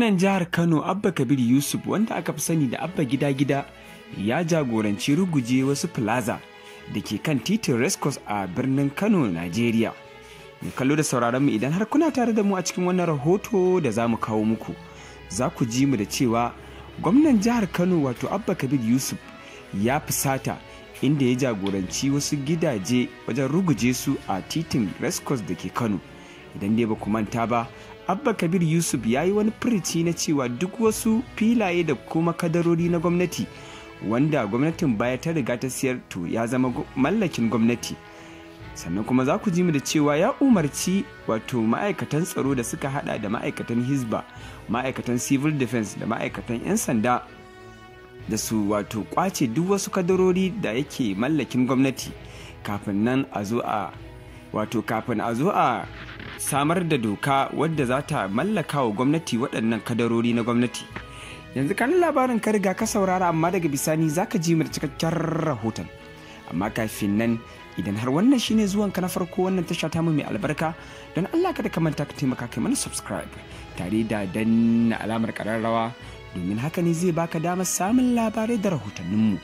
Gwamnan jihar Kano Abba Kabir Yusuf wanda aka fi sani da Abba Gida Gida ya jagoranci ruguje wasu plaza da ke kan titin Rescos a birnin Kano, Najeriya. Mu kallo da sauraron mu idan har kuna tare da mu a cikin wannan rahoto da za mu kawo muku. Za ku ji mu da cewa gwamnan jihar Kano wato Abba Kabir Yusuf ya fusata inda ya jagoranci wasu gidaje wajen ruguje su a titin Rescos da ke Kano. Idan dai ba ku manta ba, abba kabir yusuf ya yi wani firici na cewa duk wasu filaye da kuma kadarori na gwamnati wanda gwamnatin baya ta riga ta siyar to ya zama mallakin gwamnati sannan kuma za ku ji mu da cewa ya umarci wato ma'aikatan tsaro da suka hada da ma'aikatan hizba ma'aikatan civil defense da ma'aikatan 'yan sanda da su wato kwace duk wasu kadarori da yake mallakin gwamnati kafin nan a zo a wato kafin a zo a samar da doka wadda za ta mallaka wa gwamnati waɗannan kadarori na gwamnati yanzu kan labarin ka riga ka saurara amma daga bisani za ka ji da cikakken rahoton amma kafin nan idan har wannan shine zuwan ka na farko wannan tasha ta mu mai albarka don allah ka da ka manta ka taimaka kai mana subscribe tare da danna alamar kararrawa domin haka ne zai baka damar samun labarai da rahotanninmu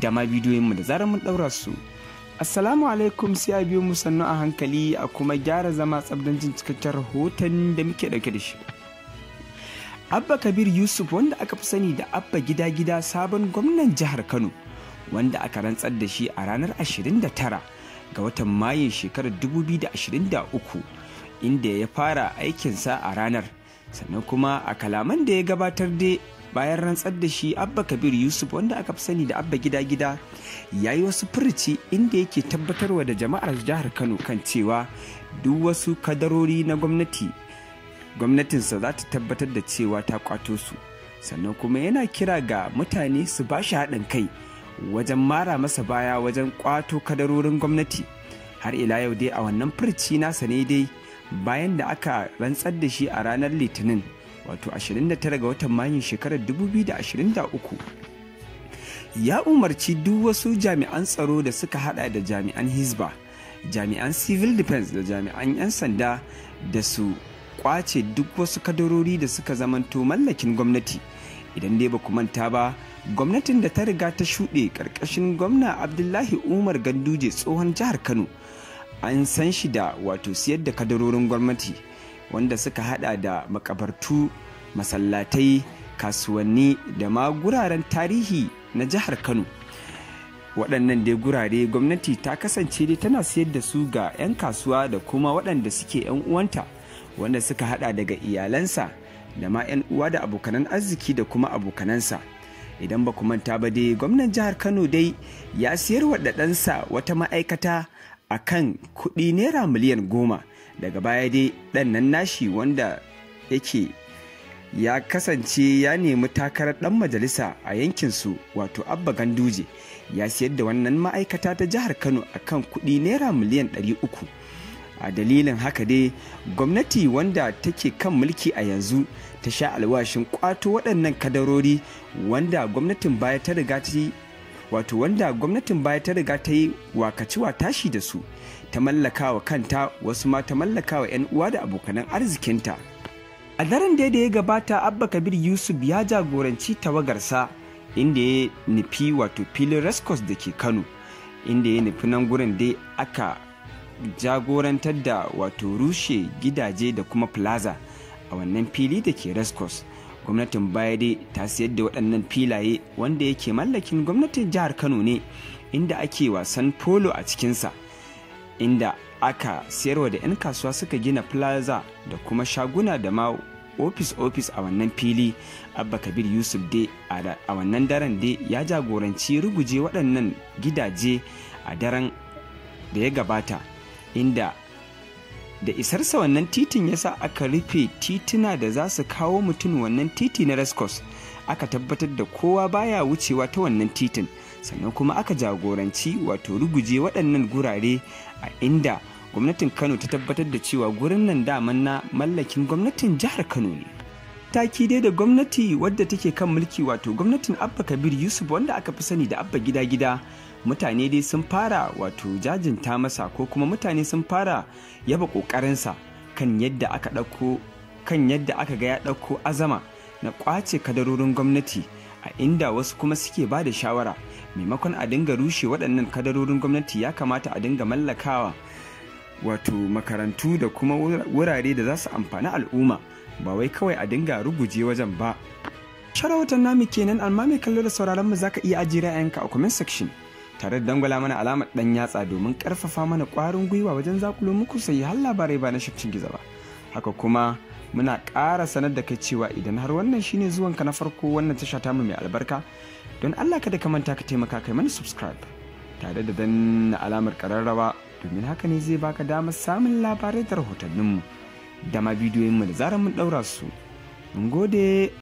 da ma bidiyoyinmu da zarar mun ɗaura su Assalamu alaikum sai a biyo mu sannu a hankali a kuma gyara zama tsabdan jin cikakken rahoton da muke dauke da shi. Abba Kabir Yusuf wanda aka fi sani da Abba Gida Gida sabon gwamnan jihar Kano wanda aka rantsar da shi a ranar 29 ga watan Mayun shekarar 2023 inda ya fara aikinsa a ranar sannan kuma a kalaman da ya gabatar dai bayan rantsar da shi abba kabir yusuf wanda aka fi sani da abba gida gida ya yi wasu furuci inda yake tabbatarwa da jama'ar jihar kano kan cewa duk wasu kadarori na gwamnati gwamnatinsa za ta tabbatar da cewa ta kwato su sannan kuma yana kira ga mutane su ba shi haɗin kai wajen mara masa baya wajen kwato kadarorin gwamnati har ila yau dai a wannan furuci nasa ne dai bayan da aka rantsar da shi a ranar litinin wato 29 ga watan mayun shekarar 2023 ya umarci duk wasu jami'an tsaro da suka hada da jami'an hisba jami'an civil defense da jami'an 'yan sanda da su kwace duk wasu kadarori da suka zamanto mallakin gwamnati idan dai ba ku manta ba gwamnatin da ta riga ta shuɗe ƙarƙashin gwamna abdullahi umar ganduje tsohon jihar kano an san shi da wato siyar da kadarorin gwamnati wanda suka hada da makabartu masallatai kasuwanni da ma guraren tarihi na jihar kano waɗannan dai gurare gwamnati ta kasance dai tana siyar da su ga 'yan kasuwa da kuma waɗanda suke 'yan uwanta wanda suka hada daga iyalansa da ma 'yan uwa da abokanan arziki da kuma abokanansa idan ba ku manta ba dai gwamnan jihar kano dai ya siyar wa ɗansa wata ma'aikata a kan kuɗi naira miliyan goma daga baya dai ɗan nan nashi wanda yake ya kasance ya nemi takarar ɗan majalisa a yankinsu wato abba ganduje ya siyar da wannan ma'aikata ta jihar kano a kan kuɗi naira miliyan ɗari uku. a dalilin haka dai gwamnati wanda take kan mulki a yanzu ta sha alwashin kwato waɗannan kadarori wanda gwamnatin baya ta riga ta wato wanda gwamnatin baya ta riga ta yi wakaciwa tashi da su ta mallaka wa kanta wasu ma ta mallaka wa 'yan uwa da abokanan arzikinta a daren da ya gabata abba kabir yusuf ya jagoranci tawagarsa inda ya nufi wato filin rescos da ke kano inda ya nufi nan gurin dai aka jagorantar da wato rushe gidaje da kuma plaza a wannan fili da ke rescos gwamnatin baya dai ta siyar da waɗannan filaye wanda yake mallakin gwamnatin jihar kano ne inda ake wasan polo a cikinsa inda aka siyarwa da 'yan kasuwa suka gina plaza da kuma shaguna da ma ofis-ofis a wannan fili abba kabir yusuf dai a wannan daren dai ya jagoranci ruguje waɗannan gidaje a daren da ya gabata inda da isarsa wannan titin ya sa aka rufe tituna da za su kawo mutum wannan titi na rescos aka tabbatar da kowa baya wucewa ta wannan titin sannan kuma aka jagoranci wato ruguje waɗannan gurare a inda gwamnatin kano ta tabbatar da cewa gurin nan daman na mallakin gwamnatin jihar kano ne taki dai da gwamnati wadda take kan mulki wato gwamnatin abba kabir yusuf wanda aka fi sani da abba gida gida mutane dai sun fara wato jajinta masa ko kuma mutane sun fara yaba kokarinsa kan yadda aka ɗauko kan yadda aka ga ya ɗauko azama na kwace kadarorin gwamnati a inda wasu kuma suke ba da shawara maimakon a dinga rushe waɗannan kadarorin gwamnati ya kamata a dinga mallakawa wato makarantu da kuma wurare da za su amfani al'umma ba wai kawai a dinga ruguje wajen ba sharawatan namu kenan amma mai kallo da sauraron mu zaka iya ajiye ra'ayinka a comment section tare da dangwala mana alamar dan yatsa domin karfafa mana kwarin gwiwa wajen zakulo muku sai har labarai ba na shafcin giza ba haka kuma muna ƙara sanar da kai cewa idan har wannan shine zuwanka na farko wannan tasha ta mu mai albarka don Allah kada ka manta ka taimaka kai mana subscribe tare da danna alamar kararrawa domin haka ne zai baka damar samun labarai da rahotanninmu da ma bidiyoyinmu da zarar mun ɗaura su. Mun gode!